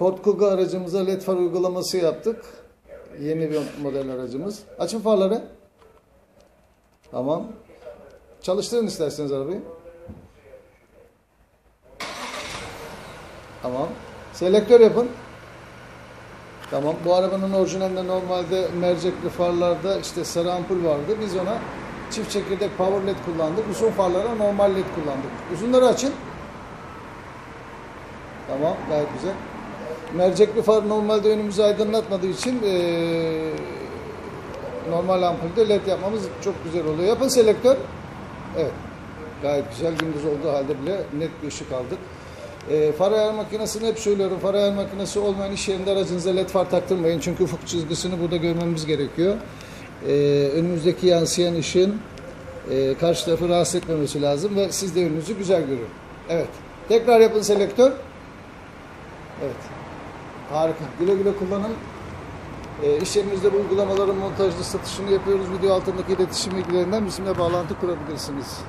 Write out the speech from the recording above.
Ford Kuga aracımıza led far uygulaması yaptık. Yeni bir model aracımız. Açın farları. Tamam. Çalıştırın isterseniz arabayı. Tamam. Selektör yapın. Tamam. Bu arabanın orijinalinde normalde mercekli farlarda işte sarı ampul vardı. Biz ona çift çekirdek power led kullandık. Uzun farlara normal led kullandık. Uzunları açın. Tamam. Gayet güzel. Mercek bir far normalde önümüzü aydınlatmadığı için e, normal ampulde led yapmamız çok güzel oluyor. Yapın selektör. Evet. Gayet güzel gündüz olduğu halde bile net bir ışık aldık. E, far ayar makinesini hep söylüyorum. Far ayar makinesi olmayan iş yerinde aracınıza led far taktırmayın. Çünkü ufuk çizgisini burada görmemiz gerekiyor. E, önümüzdeki yansıyan ışın e, karşı tarafı rahatsız etmemesi lazım ve siz de önünüzü güzel görün. Evet. Tekrar yapın selektör. Evet. Harika. Güle güle kullanın. E, iş yerinizde bu uygulamaların montajlı satışını yapıyoruz. Video altındaki iletişim bilgilerinden bizimle bağlantı kurabilirsiniz.